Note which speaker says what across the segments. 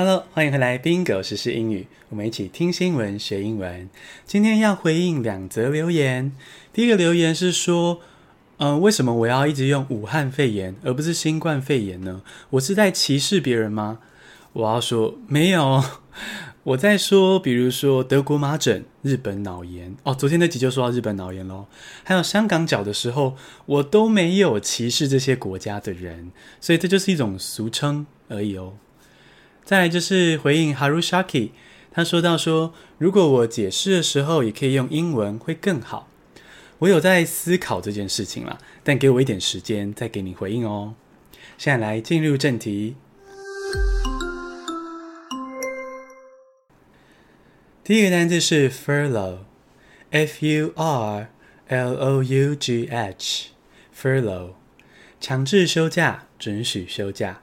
Speaker 1: Hello，歡迎回來，賓狗時事英語，我們一起聽新聞，學英文。今天要回應兩則留言。第一個留言是說，嗯、呃，為什麼我要一直用武漢肺炎而不是新冠肺炎呢？我是在歧視別人嗎？我要說，沒有，我在說，比如說德國麻疹、日本腦炎。哦，昨天那集就說到日本腦炎咯。還有香港腳的時候，我都沒有歧視這些國家的人，所以這就是一種俗稱而已哦。再來就是回應 Harushaki，他說到說，如果我解釋的時候也可以用英文會更好。我有在思考這件事情了，但給我一點時間再給你回應哦。現在來進入正題。第一個單詞是 furlough，f-u-r-l-o-u-g-h，furlough，強制休假，准許休假。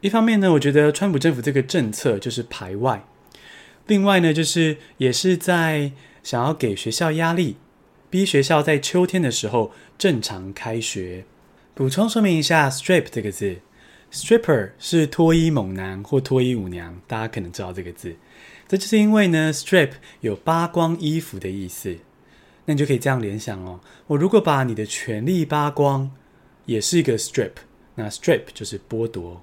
Speaker 1: 一方面呢，我覺得川普政府這個政策就是排外；另外呢，就是也是在想要給學校壓力，逼學校在秋天的時候正常開學。補充說明一下，“strip” 這個字，“stripper” 是脫衣猛男或脫衣舞娘，大家可能知道這個字。這就是因為呢，“strip” 有扒光衣服的意思，那你就可以這樣聯想哦。我如果把你的權利扒光，也是一個 “strip”。那 “strip” 就是剝奪。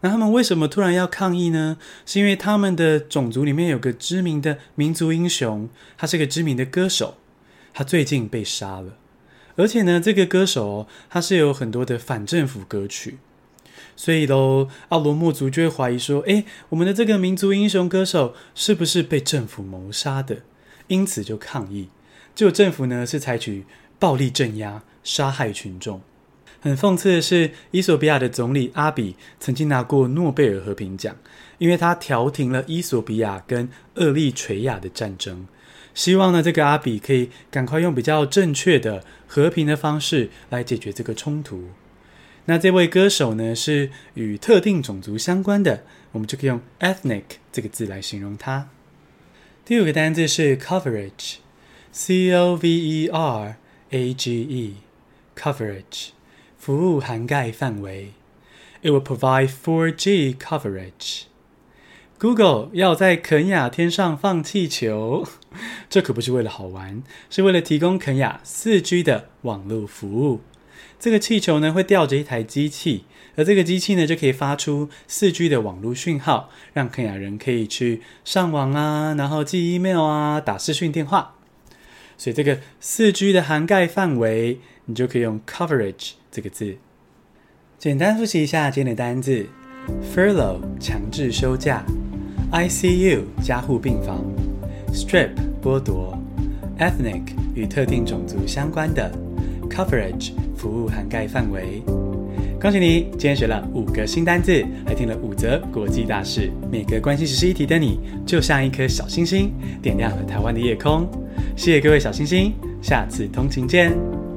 Speaker 1: 那他們為什麼突然要抗議呢？是因為他們的種族裡面有個知名的民族英雄，他是個知名的歌手，他最近被殺了。而且呢，這個歌手、哦、他是有很多的反政府歌曲，所以嘍，奧羅莫族就會懷疑說，誒、欸，我們的這個民族英雄歌手是不是被政府謀殺的？因此就抗議。就政府呢是採取暴力鎮壓，殺害群眾。很諷刺的是，衣索比亞的總理阿比曾經拿過諾貝爾和平獎，因為他調停了衣索比亞跟厄利垂亞的戰爭。希望呢，這個阿比可以趕快用比較正確的和平的方式來解決這個衝突。那這位歌手呢，是與特定種族相關的，我們就可以用 ethnic 這個字來形容他。第五個單字是 coverage，c o v e r a g e，coverage。E, 服務涵蓋範圍，It will provide 4G coverage. Google 要在肯亞天上放氣球，這可不是為了好玩，是為了提供肯亞 4G 的網絡服務。這個氣球呢會吊着一台機器，而這個機器呢就可以發出 4G 的網絡訊號，讓肯亞人可以去上網啊，然後寄 email 啊，打視訊電話。所以這個 4G 的涵蓋範圍。你就可以用 coverage 這個字。簡單複習一下今天的單字：furlough 強制休假，ICU 加護病房，strip 剝奪，ethnic 與特定種族相關的，coverage 服務涵蓋範圍。恭喜你，今天學了五個新單字，還聽了五則國際大事。每個關心時事議題的你，就像一顆小星星，點亮了台灣的夜空。謝謝各位小星星，下次通勤見。